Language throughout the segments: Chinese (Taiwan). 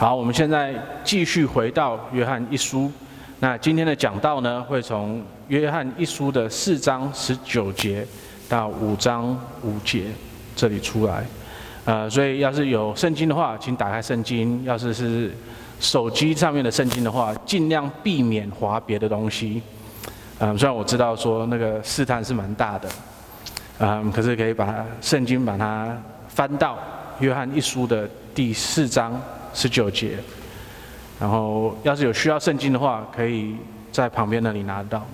好，我們現在繼續回到《約翰一書》。那今天的講道呢，會從《約翰一書》的四章十九節到五章五節這裡出來。呃，所以要是有聖經的話，請打開聖經；要是是手機上面的聖經的話，盡量避免劃別的東西。嗯、呃，雖然我知道說那個試探是蠻大的，嗯、呃，可是可以把它聖經把它翻到《約翰一書》的第四章。十九節，然後要是有需要聖經的話，可以在旁邊那裡拿得到。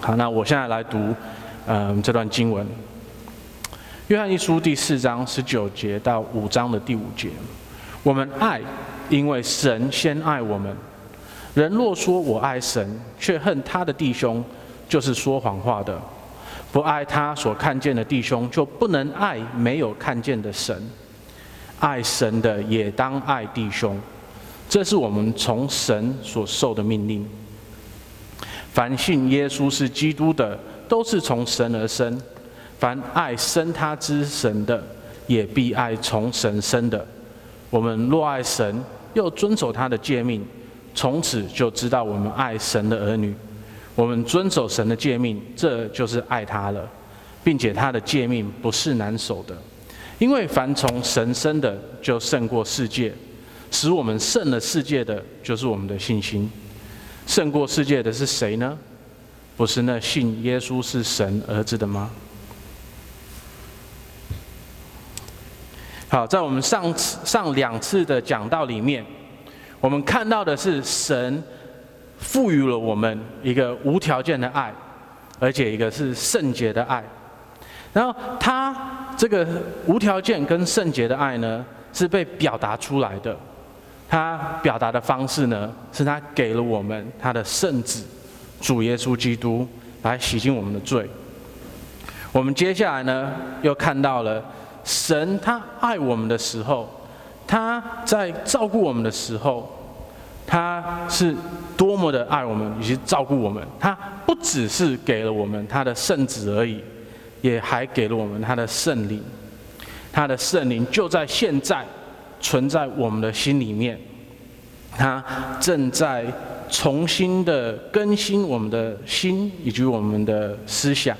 好，那我現在來讀，嗯、呃，這段經文。約翰一書第四章十九節到五章的第五節：我們愛，因為神先愛我們。人若說我愛神，卻恨他的弟兄，就是說謊話的；不愛他所看見的弟兄，就不能愛沒有看見的神。愛神的也當愛弟兄，這是我們從神所受的命令。凡信耶穌是基督的，都是從神而生；凡愛生他之神的，也必愛從神生的。我們若愛神，又遵守他的誡命，從此就知道我們愛神的兒女。我們遵守神的誡命，這就是愛他了，並且他的誡命不是難守的。因為凡從神生的，就勝過世界；使我們勝了世界的就是我們的信心。勝過世界的是誰呢？不是那信耶穌是神兒子的嗎？好，在我們上次、上兩次的講道裡面，我們看到的是神賦予了我們一個無條件的愛，而且一個是聖潔的愛。然後他。這個無條件跟聖潔的愛呢，是被表達出來的。他表達的方式呢，是他給了我們他的聖子主耶穌基督來洗淨我們的罪。我們接下來呢，又看到了神他愛我們的時候，他在照顧我們的時候，他是多麼的愛我們以及照顧我們。他不只是給了我們他的聖子而已。也還給了我們他的聖靈，他的聖靈就在現在存在我們的心裡面，他正在重新的更新我們的心以及我們的思想。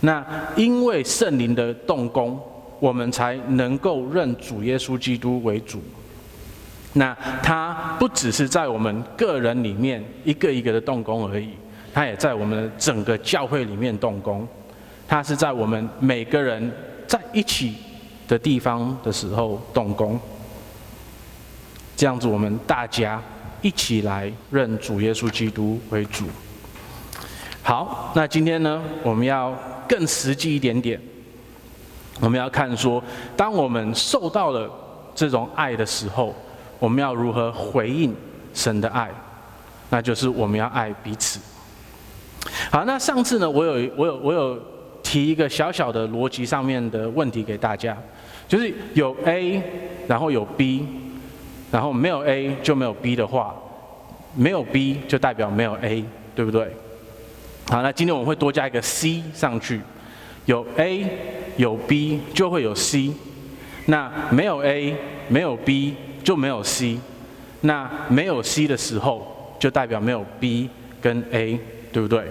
那因為聖靈的動工，我們才能夠認主耶穌基督為主。那他不只是在我們個人裡面一個一個的動工而已，他也在我們的整個教會裡面動工。它是在我們每個人在一起的地方的時候動工，這樣子我們大家一起來認主耶穌基督為主。好，那今天呢，我們要更實際一點點，我們要看說，當我們受到了這種愛的時候，我們要如何回應神的愛，那就是我們要愛彼此。好，那上次呢，我有我有我有。我有提一個小小的邏輯上面的問題給大家，就是有 A，然後有 B，然後沒有 A 就沒有 B 的話，沒有 B 就代表沒有 A，對不對？好，那今天我們會多加一個 C 上去，有 A 有 B 就會有 C，那沒有 A 沒有 B 就沒有 C，那沒有 C 的時候就代表沒有 B 跟 A，對不對？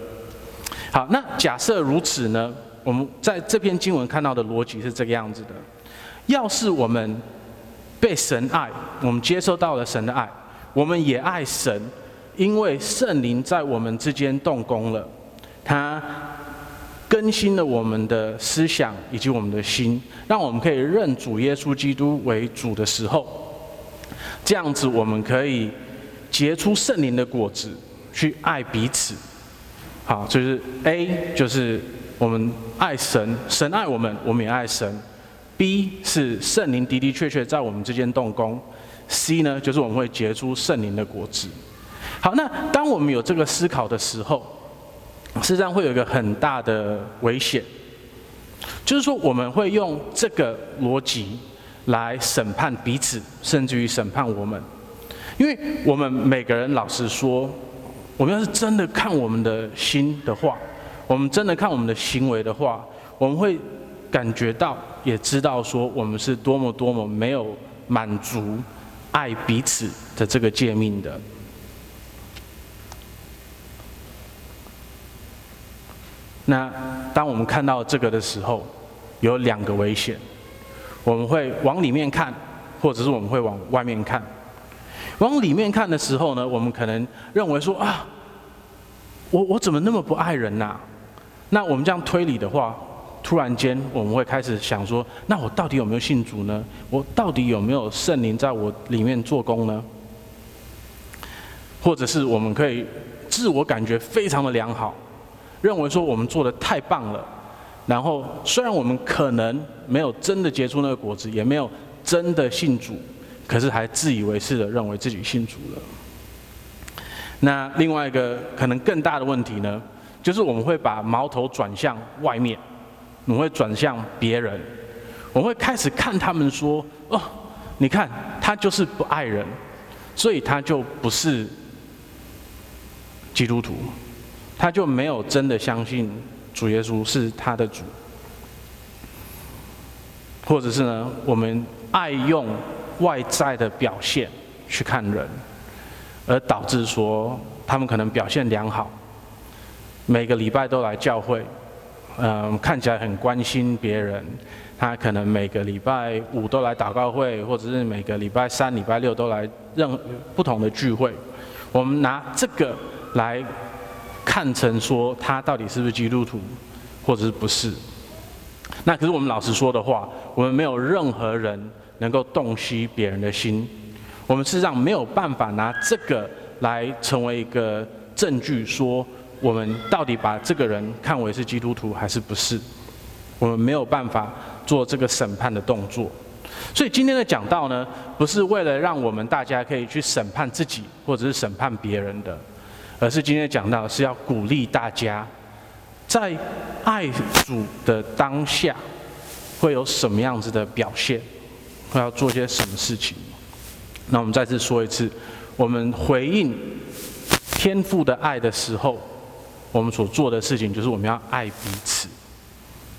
好，那假設如此呢？我們在這篇經文看到的邏輯是這個樣子的，要是我們被神愛，我們接受到了神的愛，我們也愛神，因為聖靈在我們之間動工了，他更新了我們的思想以及我們的心，讓我們可以認主耶穌基督為主的時候，這樣子我們可以結出聖靈的果子，去愛彼此。好，就是 A，就是。我們愛神，神愛我們，我們也愛神。B 是聖靈的的確確在我們之間動工，C 呢就是我們會結出聖靈的果子。好，那當我們有這個思考的時候，實際上會有一個很大的危險，就是說我們會用這個邏輯來審判彼此，甚至於審判我們，因為我們每個人老實說，我們要是真的看我們的心的話。我們真的看我們的行為的話，我們會感覺到，也知道說我們是多麼多麼沒有滿足愛彼此的這個誡命的。那當我們看到這個的時候，有兩個危險，我們會往裡面看，或者是我們會往外面看。往裡面看的時候呢，我們可能認為說啊，我我怎麼那麼不愛人吶、啊？那我們這樣推理的話，突然間我們會開始想說：那我到底有沒有信主呢？我到底有沒有聖靈在我裡面做工呢？或者是我們可以自我感覺非常的良好，認為說我們做得太棒了，然後雖然我們可能沒有真的結出那個果子，也沒有真的信主，可是還自以為是的認為自己信主了。那另外一個可能更大的問題呢？就是我們會把矛頭轉向外面，我們會轉向別人，我們會開始看他們說：“哦，你看他就是不愛人，所以他就不是基督徒，他就沒有真的相信主耶穌是他的主。”或者是呢，我們愛用外在的表現去看人，而導致說他們可能表現良好。每個禮拜都來教會，嗯，看起來很關心別人。他可能每個禮拜五都來禱告會，或者是每個禮拜三、禮拜六都來任不同的聚會。我們拿這個來看成說，他到底是不是基督徒，或者是不是？那可是我們老實說的話，我們沒有任何人能夠洞悉別人的心，我們事實上沒有辦法拿這個來成為一個證據說。我們到底把這個人看為是基督徒還是不是？我們沒有辦法做這個審判的動作。所以今天的講道呢，不是為了讓我們大家可以去審判自己或者是審判別人的，而是今天講到的是要鼓勵大家，在愛主的當下會有什麼樣子的表現，會要做些什麼事情。那我們再次說一次，我們回應天父的愛的時候。我們所做的事情就是我們要愛彼此，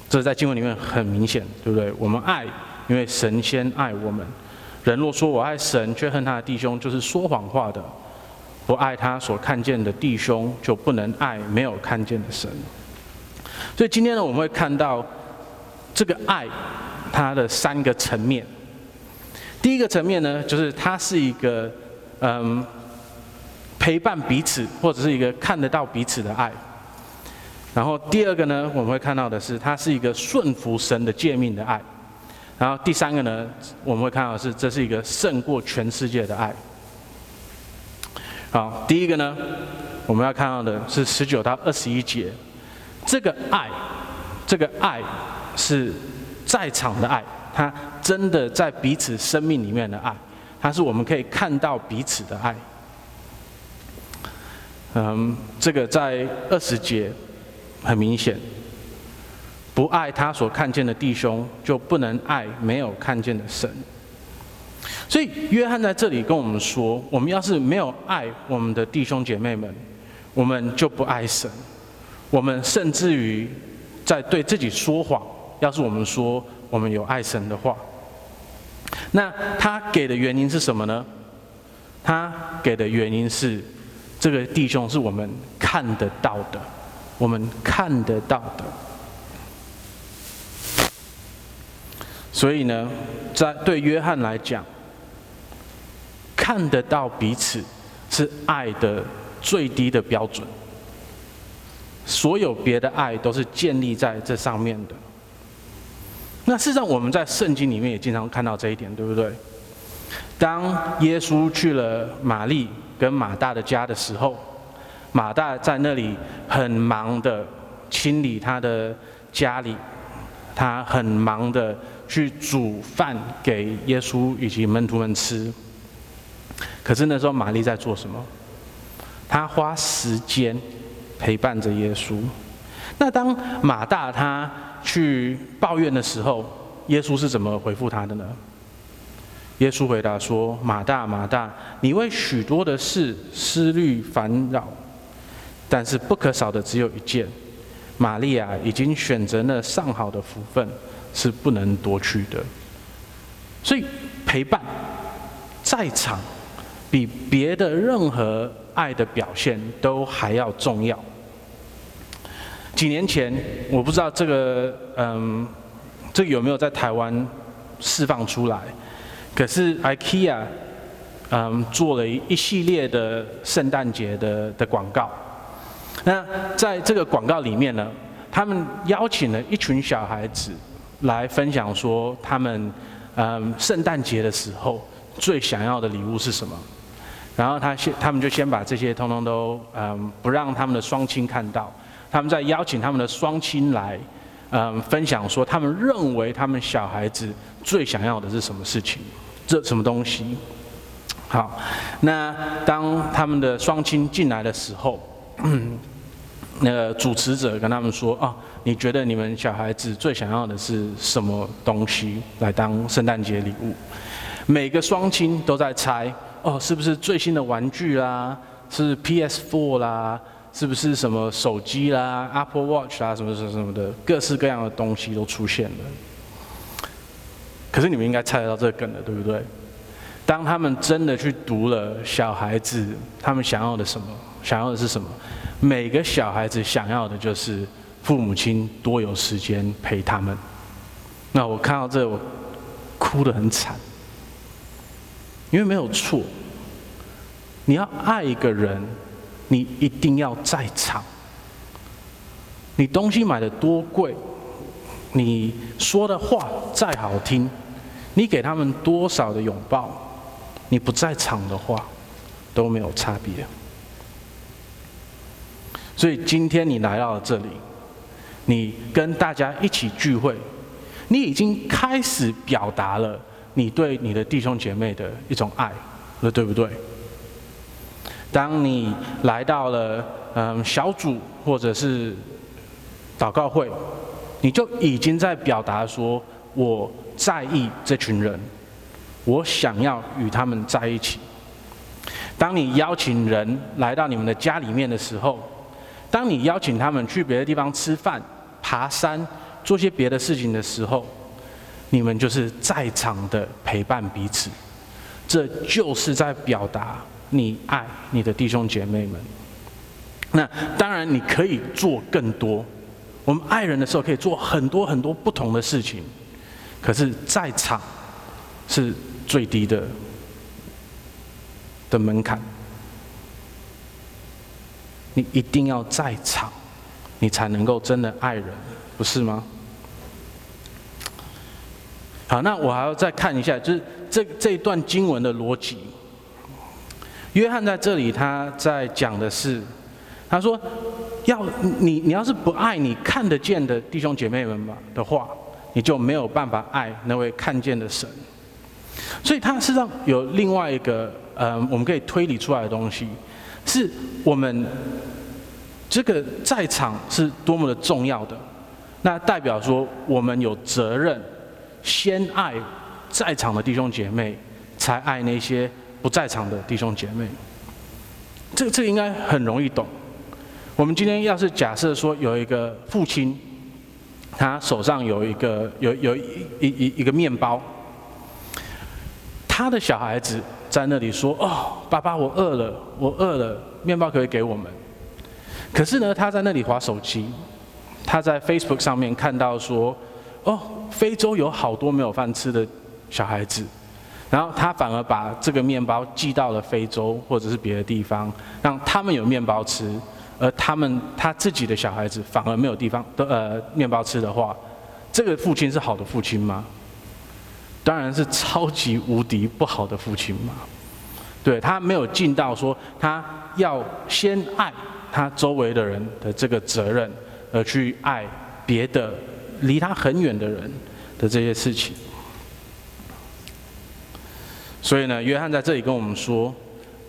這在經文裡面很明顯，對不對？我們愛，因為神先愛我們。人若說我愛神，卻恨他的弟兄，就是說謊話的。不愛他所看見的弟兄，就不能愛沒有看見的神。所以今天呢，我們會看到這個愛它的三個層面。第一個層面呢，就是它是一個，嗯。陪伴彼此，或者是一個看得到彼此的愛。然後第二個呢，我們會看到的是，它是一個順服神的誡命的愛。然後第三個呢，我們會看到的是，這是一個勝過全世界的愛。好，第一個呢，我們要看到的是十九到二十一節，這個愛，這個愛是在場的愛，它真的在彼此生命裡面的愛，它是我們可以看到彼此的愛。嗯，這個在二十節很明顯，不愛他所看見的弟兄，就不能愛沒有看見的神。所以約翰在這裡跟我們說，我們要是沒有愛我們的弟兄姐妹們，我們就不愛神。我們甚至於在對自己說謊。要是我們說我們有愛神的話，那他給的原因是什麼呢？他給的原因是。這個弟兄是我們看得到的，我們看得到的。所以呢，在對約翰來講，看得到彼此是愛的最低的標準。所有別的愛都是建立在這上面的。那事實上，我們在聖經裡面也經常看到這一點，對不對？當耶穌去了馬利。跟馬大的家的時候，馬大在那裡很忙的清理他的家裡，他很忙的去煮飯給耶穌以及門徒們吃。可是那時候瑪麗在做什麼？他花時間陪伴着耶穌。那當馬大他去抱怨的時候，耶穌是怎麼回復他的呢？耶穌回答說：“馬大，馬大，你為許多的事思慮煩擾，但是不可少的只有一件。瑪利亞已經選擇了上好的福分，是不能奪去的。所以，陪伴在場，比別的任何愛的表現都還要重要。幾年前，我不知道這個，嗯，這個有沒有在台灣釋放出來？”可是 IKEA，嗯，做了一系列的聖誕節的的廣告。那在這個廣告裡面呢，他們邀請了一群小孩子來分享說，他們嗯，聖誕節的時候最想要的禮物是什麼。然後他先，他們就先把這些通通都嗯，不讓他們的雙親看到。他們再邀請他們的雙親來嗯，分享說，他們認為他們小孩子最想要的是什麼事情。這什麼東西？好，那當他們的雙親進來的時候，那個主持者跟他們說：“啊、哦，你覺得你們小孩子最想要的是什麼東西來當聖誕節禮物？”每個雙親都在猜：“哦，是不是最新的玩具啦、啊？是 PS4 啦、啊？是不是什麼手機啦、啊、Apple Watch 啦、啊？什麼什麼什麼的，各式各樣的東西都出現了。”可是你們應該猜得到這個梗的，對不對？當他們真的去讀了小孩子他們想要的什麼，想要的是什麼？每個小孩子想要的就是父母親多有時間陪他們。那我看到這，我哭得很慘，因為沒有錯。你要愛一個人，你一定要在場。你東西買的多貴，你說的話再好聽。你給他們多少的擁抱，你不在場的話，都沒有差別。所以今天你來到了這裡，你跟大家一起聚會，你已經開始表達了你對你的弟兄姐妹的一種愛了，對不對？當你來到了嗯小組或者是禱告會，你就已經在表達說，我。在意這群人，我想要與他們在一起。當你邀請人來到你們的家裡面的時候，當你邀請他們去別的地方吃飯、爬山、做些別的事情的時候，你們就是在場的陪伴彼此。這就是在表達你愛你的弟兄姐妹們。那當然，你可以做更多。我們愛人的時候，可以做很多很多不同的事情。可是，在場是最低的的門檻，你一定要在場，你才能夠真的愛人，不是嗎？好，那我還要再看一下，就是這這一段經文的邏輯。約翰在這裡，他在講的是，他說要你，你要是不愛你看得見的弟兄姐妹們吧的話。你就沒有辦法愛那位看見的神，所以他實際上有另外一個，嗯、呃，我們可以推理出來的東西，是我們這個在場是多麼的重要的，那代表說我們有責任先愛在場的弟兄姐妹，才愛那些不在場的弟兄姐妹。這這個應該很容易懂。我們今天要是假設說有一個父親。他手上有一個，有有，有一一一一個麵包，他的小孩子在那裡說：“哦，爸爸，我餓了，我餓了，麵包可，可以給我們。”可是呢，他在那裡滑手機，他在 Facebook 上面看到說：“哦，非洲有好多沒有飯吃的小孩子。”然後他反而把這個麵包寄到了非洲或者是別的地方，讓他們有麵包吃。而他們他自己的小孩子反而沒有地方的呃麵包吃的話，這個父親是好的父親嗎？當然是超級無敵不好的父親嘛！對，他沒有盡到說他要先愛他周圍的人的這個責任，而去愛別的離他很遠的人的這些事情。所以呢，約翰在這裡跟我們說，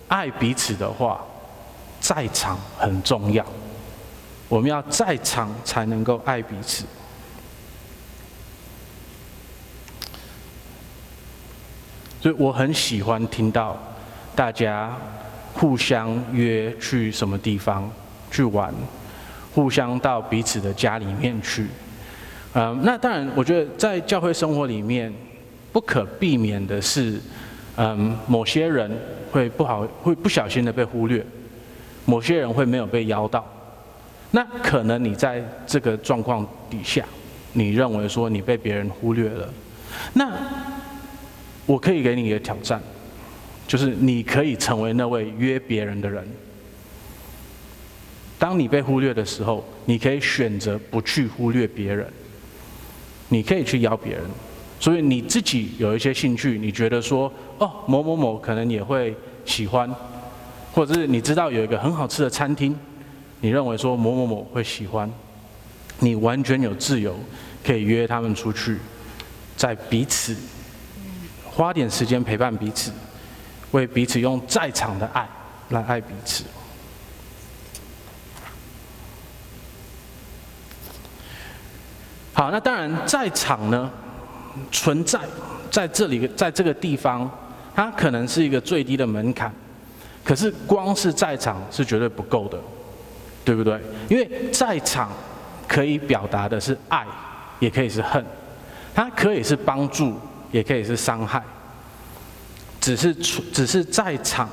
愛彼此的話，在場很重要，我們要在場才能夠愛彼此。所以我很喜歡聽到大家互相約去什麼地方去玩，互相到彼此的家裡面去。嗯，那當然，我覺得在教會生活裡面不可避免的是，嗯，某些人會不好，會不小心的被忽略。某些人會沒有被邀到，那可能你在這個狀況底下，你認為說你被別人忽略了，那我可以給你一個挑戰，就是你可以成為那位約別人的人。當你被忽略的時候，你可以選擇不去忽略別人，你可以去邀別人。所以你自己有一些興趣，你覺得說哦，某某某可能也會喜歡。或者是你知道有一個很好吃的餐廳，你認為說某某某會喜歡，你完全有自由，可以約他們出去，在彼此花點時間陪伴彼此，為彼此用在場的愛來愛彼此。好，那當然在場呢，存在在這裡，在這個地方，它可能是一個最低的門檻。可是光是在場是絕對不夠的，對不對？因為在場可以表達的是愛，也可以是恨，它可以是幫助，也可以是傷害。只是只是在場，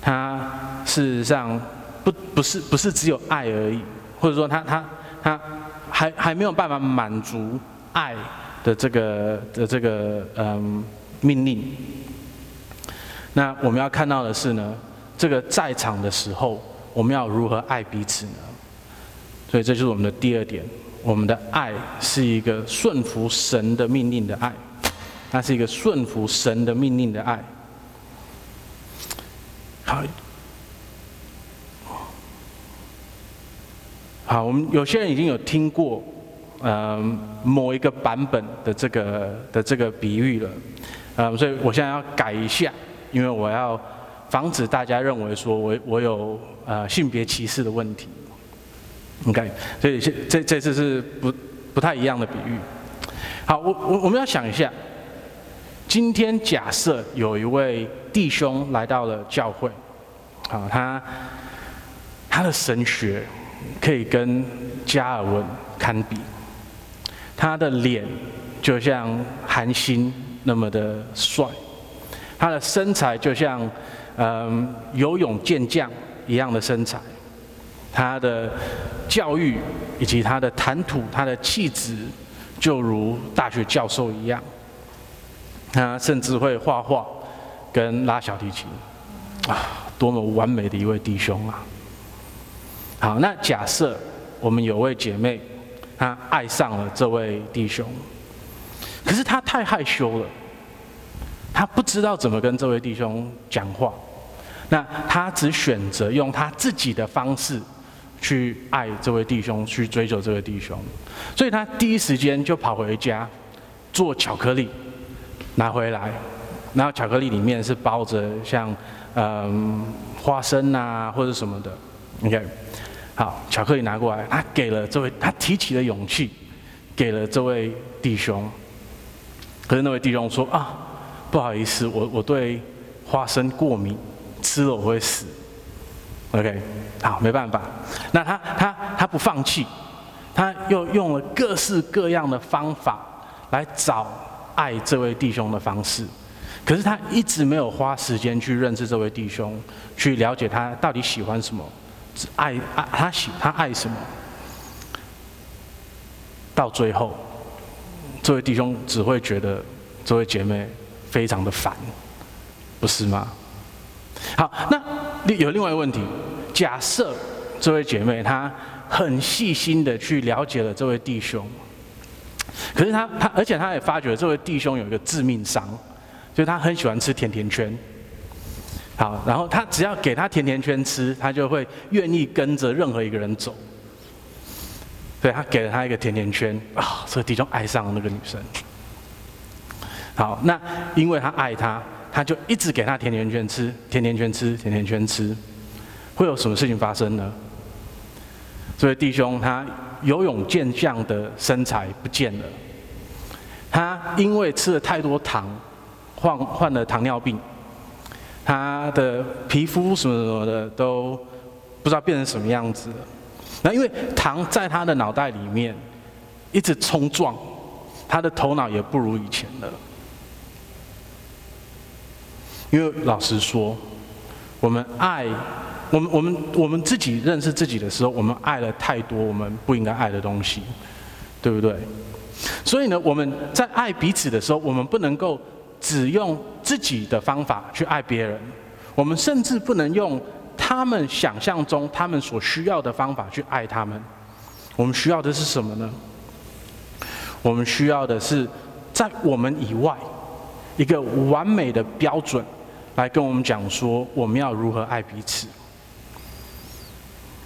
它事實上不不是不是只有愛而已，或者說他他他還還沒有辦法滿足愛的這個的這個嗯命令。那我們要看到的是呢，這個在場的時候，我們要如何愛彼此呢？所以這就是我們的第二點，我們的愛是一個順服神的命令的愛，它是一個順服神的命令的愛。好，好，我們有些人已經有聽過，嗯、呃，某一個版本的這個的這個比喻了，啊、呃，所以我現在要改一下。因為我要防止大家認為說我我有呃性別歧視的問題你看，OK，所以這這,這,這次是不不太一樣的比喻。好，我我我們要想一下，今天假設有一位弟兄來到了教會，好、啊，他他的神學可以跟加爾文堪比，他的臉就像韓星那麼的帥。他的身材就像，嗯、呃，游泳健將一樣的身材。他的教育以及他的談吐、他的氣質，就如大學教授一樣。他甚至會畫畫，跟拉小提琴。啊，多麼完美的一位弟兄啊！好，那假設我們有位姐妹，她愛上了這位弟兄，可是她太害羞了。他不知道怎麼跟這位弟兄講話，那他只選擇用他自己的方式去愛這位弟兄，去追求這位弟兄，所以他第一時間就跑回家做巧克力，拿回來，然後巧克力裡面是包着像嗯、呃、花生啊或者什麼的，OK，好，巧克力拿過來，他給了這位，他提起了勇氣，給了這位弟兄，可是那位弟兄說啊。不好意思，我我對花生過敏，吃了我會死。OK，好，沒辦法。那他他他不放棄，他又用了各式各樣的方法來找愛這位弟兄的方式。可是他一直沒有花時間去認識這位弟兄，去了解他到底喜歡什麼，愛愛、啊、他喜他愛什麼。到最後，這位弟兄只會覺得這位姐妹，非常的煩，不是嗎？好，那有另外一個問題。假設這位姐妹她很細心的去了解了這位弟兄，可是她她，而且她也發覺了這位弟兄有一個致命傷，就是他很喜歡吃甜甜圈。好，然後他只要給他甜甜圈吃，他就會願意跟着任何一個人走。對，他給了他一個甜甜圈啊、哦，所以弟兄愛上了那個女生。好，那因為他愛他，他就一直給他甜甜圈吃，甜甜圈吃，甜甜圈吃，會有什麼事情發生呢？這位弟兄，他游泳健將的身材不見了，他因為吃了太多糖，患患了糖尿病，他的皮膚什麼什麼的都不知道變成什麼樣子了。那因為糖在他的腦袋裡面一直衝撞，他的頭腦也不如以前了。因為老實說，我們愛，我們我們我們自己認識自己的時候，我們愛了太多我們不應該愛的東西，對不對？所以呢，我們在愛彼此的時候，我們不能夠只用自己的方法去愛別人，我們甚至不能用他們想象中他們所需要的方法去愛他們。我們需要的是什麼呢？我們需要的是在我們以外一個完美的標準。來跟我們講說，我們要如何愛彼此。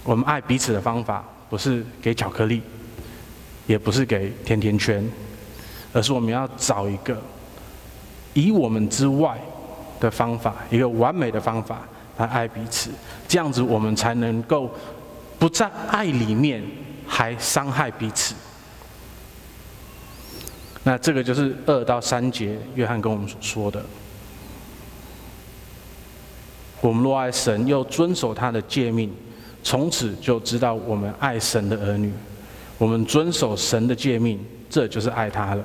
我們愛彼此的方法，不是給巧克力，也不是給甜甜圈，而是我們要找一個以我們之外的方法，一個完美的方法來愛彼此。這樣子，我們才能夠不在愛裡面還傷害彼此。那這個就是二到三節，約翰跟我們所說的。我們若愛神，又遵守他的誡命，從此就知道我們愛神的兒女。我們遵守神的誡命，這就是愛他了，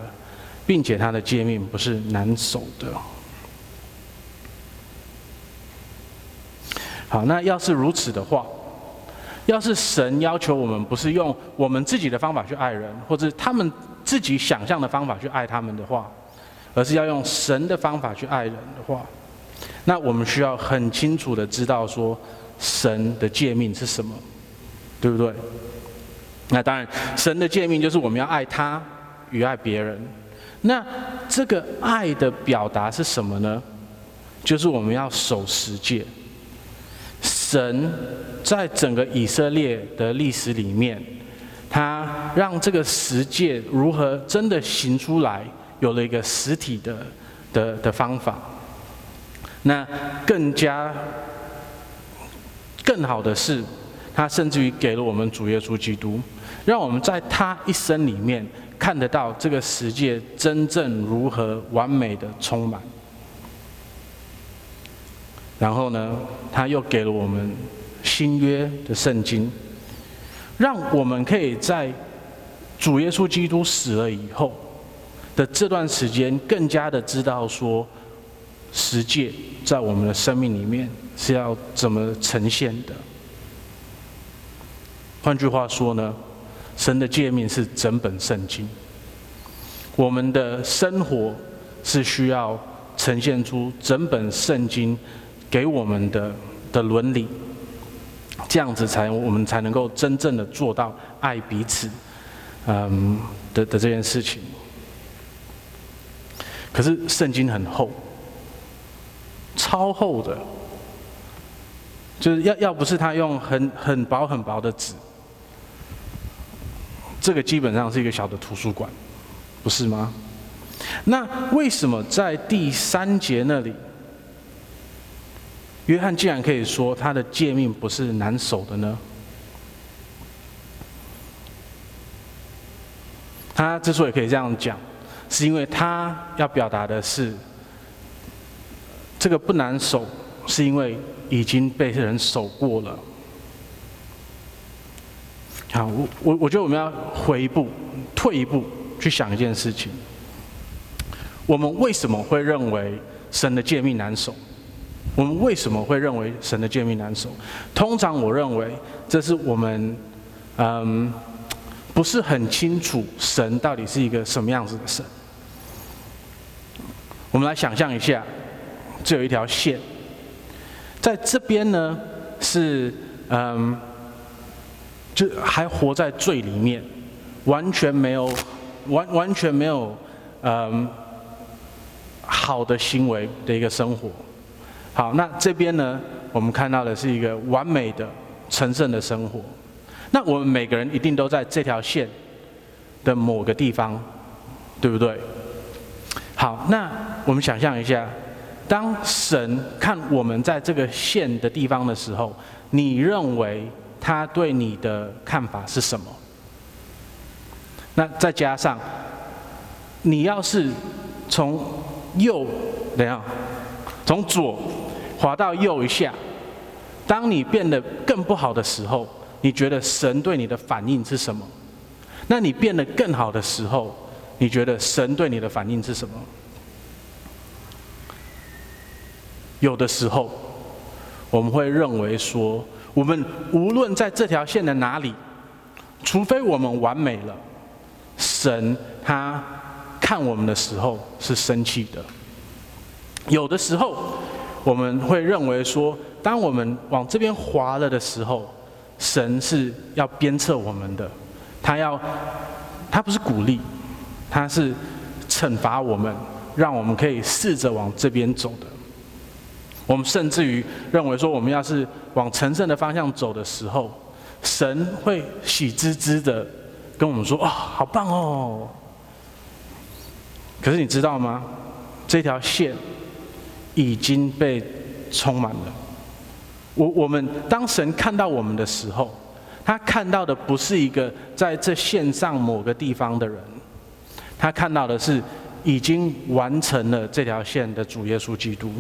並且他的誡命不是難守的。好，那要是如此的話，要是神要求我們不是用我們自己的方法去愛人，或者他們自己想象的方法去愛他們的話，而是要用神的方法去愛人的話。那我們需要很清楚的知道，說神的誡命是什麼，對不對？那當然，神的誡命就是我們要愛他與愛別人。那這個愛的表達是什麼呢？就是我們要守十誡。神在整個以色列的歷史裡面，他讓這個十誡如何真的行出來，有了一個實體的的的方法。那更加更好的是，他甚至於給了我們主耶穌基督，讓我們在他一生裡面看得到這個世界真正如何完美的充滿。然後呢，他又給了我們新約的聖經，讓我們可以在主耶穌基督死了以後的這段時間，更加的知道說。十誡在我們的生命裡面是要怎麼呈現的？換句話說呢，神的誡命是整本聖經，我們的生活是需要呈現出整本聖經給我們的的倫理，這樣子才我們才能夠真正的做到愛彼此，嗯的的這件事情。可是聖經很厚。超厚的，就是要要不是他用很很薄很薄的紙，這個基本上是一個小的圖書館，不是嗎？那為什麼在第三節那裡，約翰竟然可以說他的誡命不是難守的呢？他之所以可以這樣講，是因為他要表達的是。這個不難守，是因為已經被人守過了。好，我我我覺得我們要回一步，退一步去想一件事情。我們為什麼會認為神的誡命難守？我們為什麼會認為神的誡命難守？通常我認為，這是我們，嗯，不是很清楚神到底是一個什麼樣子的神。我們來想象一下。這有一條線，在這邊呢是嗯，就還活在罪裡面，完全沒有完完全沒有嗯好的行為的一個生活。好，那這邊呢，我們看到的是一個完美的成聖的生活。那我們每個人一定都在這條線的某個地方，對不對？好，那我們想象一下。當神看我們在這個線的地方的時候，你認為他對你的看法是什麼？那再加上，你要是從右等一下，從左滑到右一下，當你變得更不好的時候，你覺得神對你的反應是什麼？那你變得更好的時候，你覺得神對你的反應是什麼？有的時候，我們會認為說，我們無論在這條線的哪裡，除非我們完美了，神他看我們的時候是生氣的。有的時候，我們會認為說，當我們往這邊滑了的時候，神是要鞭策我們的，他要，他不是鼓勵，他是懲罰我們，讓我們可以試着往這邊走的。我們甚至於認為說，我們要是往成聖的方向走的時候，神會喜滋滋的跟我們說：“哦，好棒哦！”可是你知道嗎？這條線已經被充滿了。我我們當神看到我們的時候，他看到的不是一個在這線上某個地方的人，他看到的是已經完成了這條線的主耶穌基督。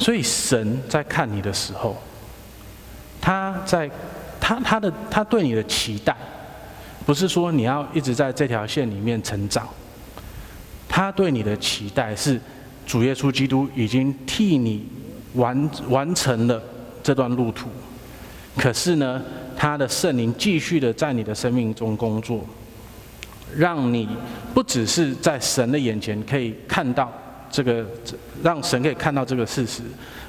所以神在看你的時候，他在他他的他對你的期待，不是說你要一直在這條線裡面成長。他對你的期待是，主耶穌基督已經替你完完成了這段路途，可是呢，他的聖靈繼續的在你的生命中工作，讓你不只是在神的眼前可以看到。這個這讓神可以看到這個事實，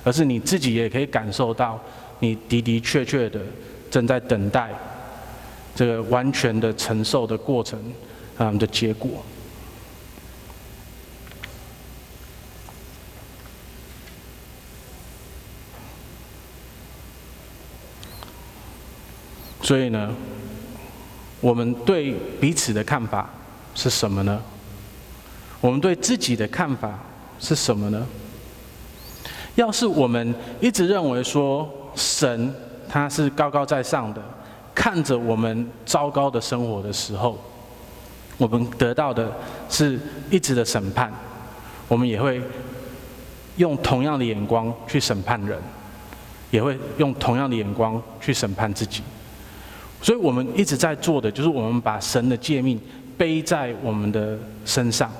而是你自己也可以感受到，你的的確確的正在等待這個完全的承受的過程，啊、嗯、的結果。所以呢，我們對彼此的看法是什麼呢？我們對自己的看法？是什麼呢？要是我們一直認為說神他是高高在上的，看着我們糟糕的生活的時候，我們得到的是一直的審判，我們也會用同樣的眼光去審判人，也會用同樣的眼光去審判自己。所以，我們一直在做的就是，我們把神的誡命背在我們的身上。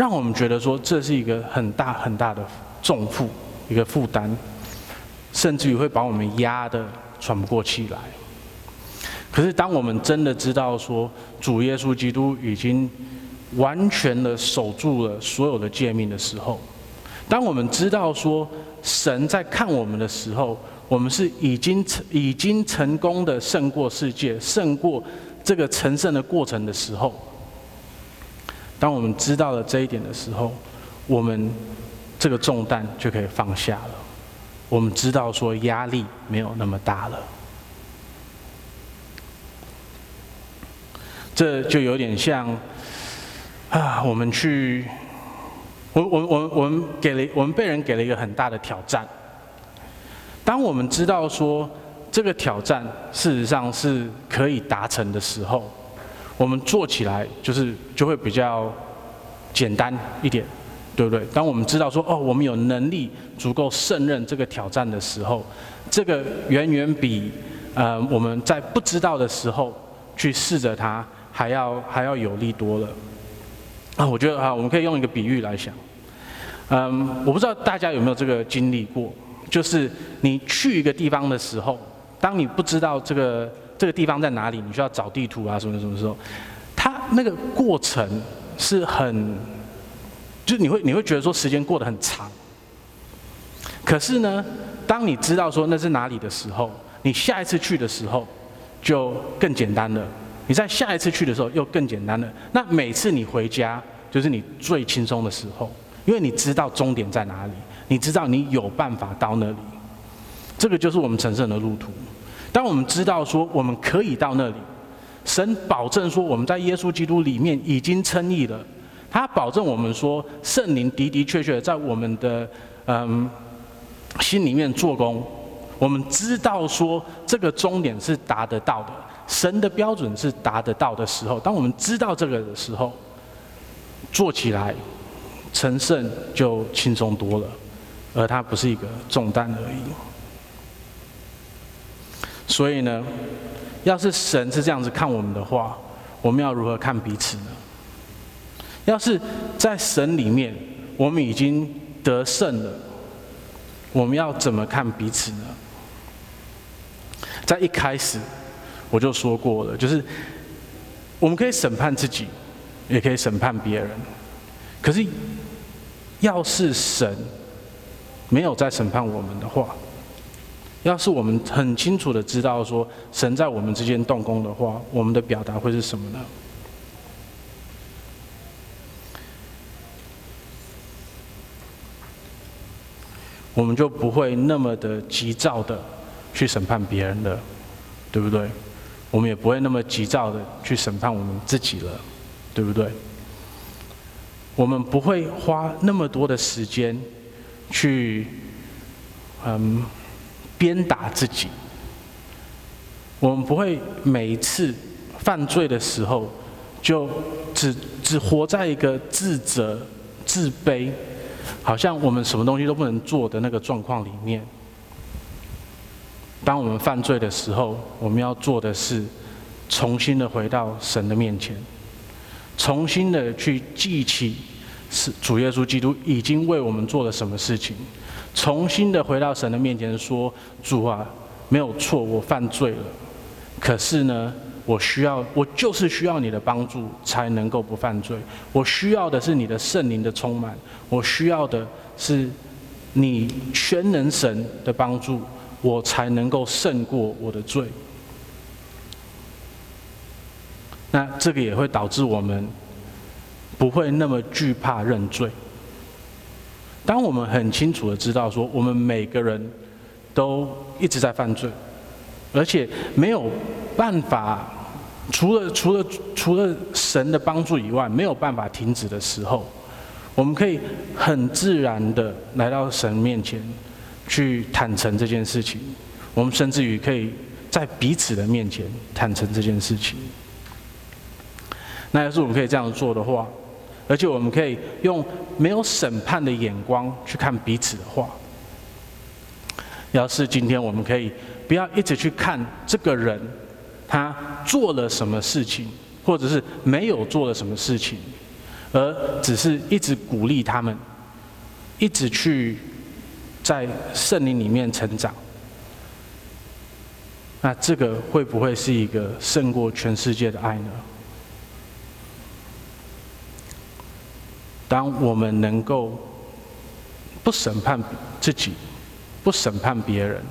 讓我們覺得說這是一個很大很大的重負，一個負擔，甚至於會把我們壓得喘不過氣來。可是，當我們真的知道說主耶穌基督已經完全的守住了所有的誡命的時候，當我們知道說神在看我們的時候，我們是已經成已經成功的勝過世界，勝過這個成聖的過程的時候。當我們知道了這一點的時候，我們這個重擔就可以放下了。我們知道說壓力沒有那麼大了，這就有點像啊，我們去，我我我我們給了我們被人給了一個很大的挑戰。當我們知道說這個挑戰事實上是可以達成的時候。我們做起來就是就會比較簡單一點，對不對？當我們知道說哦，我們有能力足夠勝任這個挑戰的時候，這個遠遠比呃我們在不知道的時候去試着它還要還要有力多了。啊，我覺得啊，我們可以用一個比喻來想，嗯，我不知道大家有沒有這個經歷過，就是你去一個地方的時候，當你不知道這個。這個地方在哪裡？你需要找地圖啊，什麼什麼時候？它那個過程是很，就是你會你會覺得說時間過得很長。可是呢，當你知道說那是哪裡的時候，你下一次去的時候就更簡單了。你在下一次去的時候又更簡單了。那每次你回家就是你最輕鬆的時候，因為你知道終點在哪裡，你知道你有辦法到那裡。這個就是我們成聖的路途。當我們知道說我們可以到那裡，神保證說我們在耶穌基督裡面已經稱義了，他保證我們說聖靈的的確確在我們的嗯心裡面做工，我們知道說這個終點是達得到的，神的標準是達得到的時候，當我們知道這個的時候，做起來成聖就輕鬆多了，而它不是一個重擔而已。所以呢，要是神是這樣子看我們的話，我們要如何看彼此呢？要是在神裡面，我們已經得勝了，我們要怎麼看彼此呢？在一開始我就說過了，就是我們可以審判自己，也可以審判別人。可是，要是神沒有在審判我們的話，要是我們很清楚的知道說，神在我們之間動工的話，我們的表達會是什麼呢？我們就不會那麼的急躁的去審判別人了，對不對？我們也不會那麼急躁的去審判我們自己了，對不對？我們不會花那麼多的時間去，嗯。鞭打自己。我們不會每一次犯罪的時候，就只只活在一個自責、自卑，好像我們什麼東西都不能做的那個狀況裡面。當我們犯罪的時候，我們要做的是，重新的回到神的面前，重新的去記起，是主耶穌基督已經為我們做了什麼事情。重新的回到神的面前，說：“主啊，沒有錯，我犯罪了。可是呢，我需要，我就是需要你的幫助，才能夠不犯罪。我需要的是你的聖靈的充滿，我需要的是你全能神的幫助，我才能夠勝過我的罪。那這個也會導致我們不會那麼懼怕認罪。”當我們很清楚的知道說，我們每個人都一直在犯罪，而且沒有辦法，除了除了除了神的幫助以外，沒有辦法停止的時候，我們可以很自然的來到神面前去坦誠這件事情。我們甚至於可以在彼此的面前坦誠這件事情。那要是我們可以這樣做的話，而且我們可以用。沒有審判的眼光去看彼此的話，要是今天我們可以不要一直去看這個人，他做了什麼事情，或者是沒有做了什麼事情，而只是一直鼓勵他們，一直去在聖靈裡面成長，那這個會不會是一個勝過全世界的愛呢？當我們能夠不審判自己，不審判別人，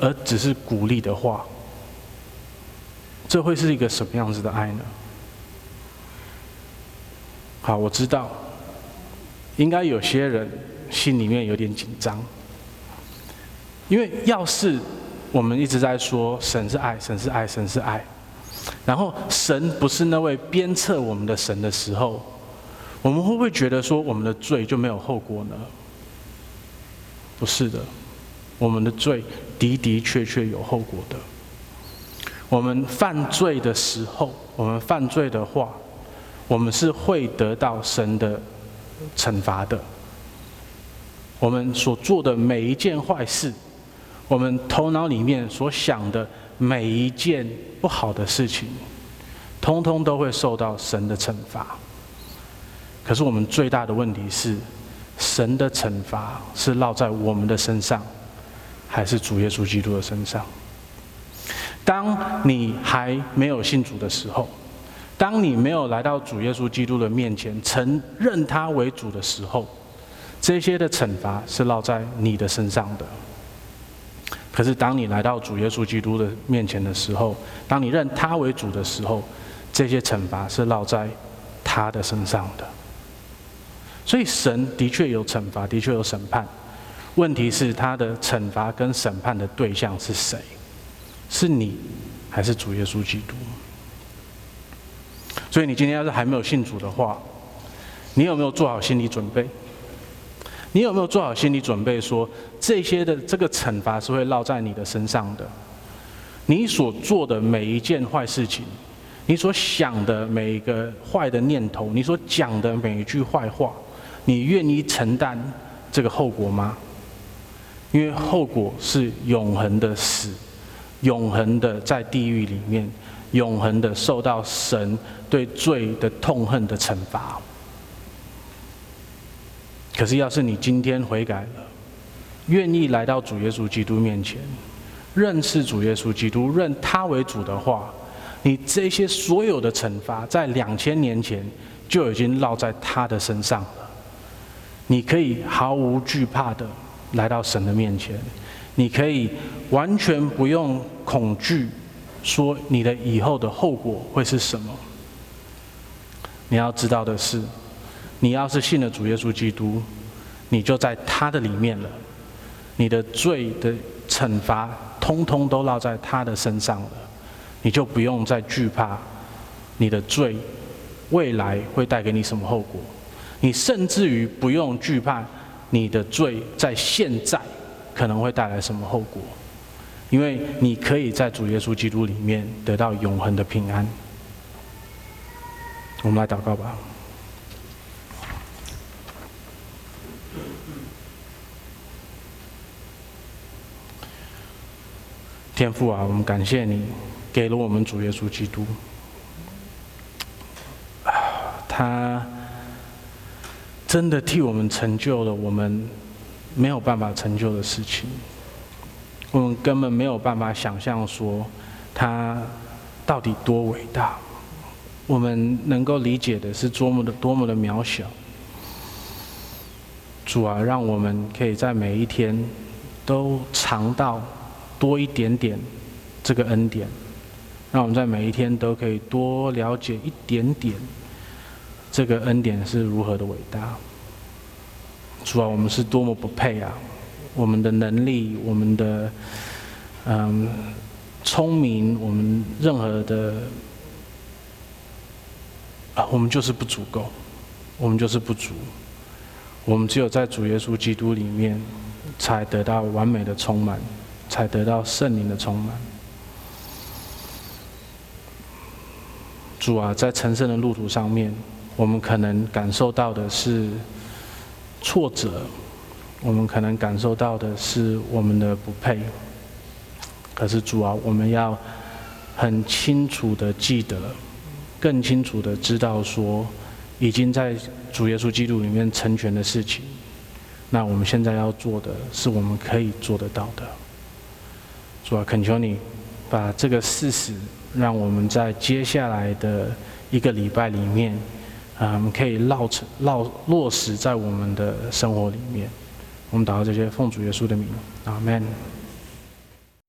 而只是鼓勵的話，這會是一個什麼樣子的愛呢？好，我知道，應該有些人心裡面有點緊張，因為要是我們一直在說神是愛，神是愛，神是愛，然後神不是那位鞭策我們的神的時候。我們會不會覺得說我們的罪就沒有後果呢？不是的，我們的罪的的確確有後果的。我們犯罪的時候，我們犯罪的話，我們是會得到神的懲罰的。我們所做的每一件壞事，我們頭腦裡面所想的每一件不好的事情，通通都會受到神的懲罰。可是我們最大的問題是，神的懲罰是落在我們的身上，還是主耶穌基督的身上？當你還沒有信主的時候，當你沒有來到主耶穌基督的面前，承認他為主的時候，這些的懲罰是落在你的身上的。可是當你來到主耶穌基督的面前的時候，當你認他為主的時候，這些懲罰是落在他的身上的。所以神的確有懲罰，的確有審判。問題是他的懲罰跟審判的對象是誰？是你，還是主耶穌基督？所以你今天要是還沒有信主的話，你有沒有做好心理準備？你有沒有做好心理準備說，說這些的這個懲罰是會落在你的身上的。你所做的每一件壞事情，你所想的每一個壞的念頭，你所講的每一句壞話。你願意承擔這個後果嗎？因為後果是永恆的死，永恆的在地獄裡面，永恆的受到神對罪的痛恨的懲罰。可是，要是你今天悔改了，願意來到主耶穌基督面前，認識主耶穌基督，認他為主的話，你這些所有的懲罰，在兩千年前就已經落在他的身上。你可以毫無懼怕地來到神的面前，你可以完全不用恐懼，說你的以後的後果會是什麼。你要知道的是，你要是信了主耶穌基督，你就在他的裡面了，你的罪的懲罰通通都落在他的身上了，你就不用再懼怕你的罪，未來會帶給你什麼後果。你甚至於不用懼怕你的罪在現在可能會帶來什麼後果，因為你可以在主耶穌基督裡面得到永恆的平安。我們來禱告吧。天父啊，我們感謝你給了我們主耶穌基督啊，他。真的替我們成就了我們沒有辦法成就的事情，我們根本沒有辦法想象說他到底多偉大，我們能夠理解的是多麼的多麼的渺小。主啊，讓我們可以在每一天都嘗到多一點點這個恩典，讓我們在每一天都可以多了解一點點。這個恩典是如何的偉大？主啊，我們是多麼不配啊！我們的能力，我們的嗯，聰明，我們任何的啊，我們就是不足夠，我們就是不足。我們只有在主耶穌基督裡面，才得到完美的充滿，才得到聖靈的充滿。主啊，在成聖的路途上面。我們可能感受到的是挫折，我們可能感受到的是我們的不配。可是主啊，我們要很清楚的記得，更清楚的知道說，說已經在主耶穌基督裡面成全的事情。那我們現在要做的是，我們可以做得到的。主啊，懇求你把這個事實，讓我們在接下來的一個禮拜裡面。我們、嗯、可以落實落落實在我們的生活裡面，我們禱告，這些奉主耶穌的名，man。Amen。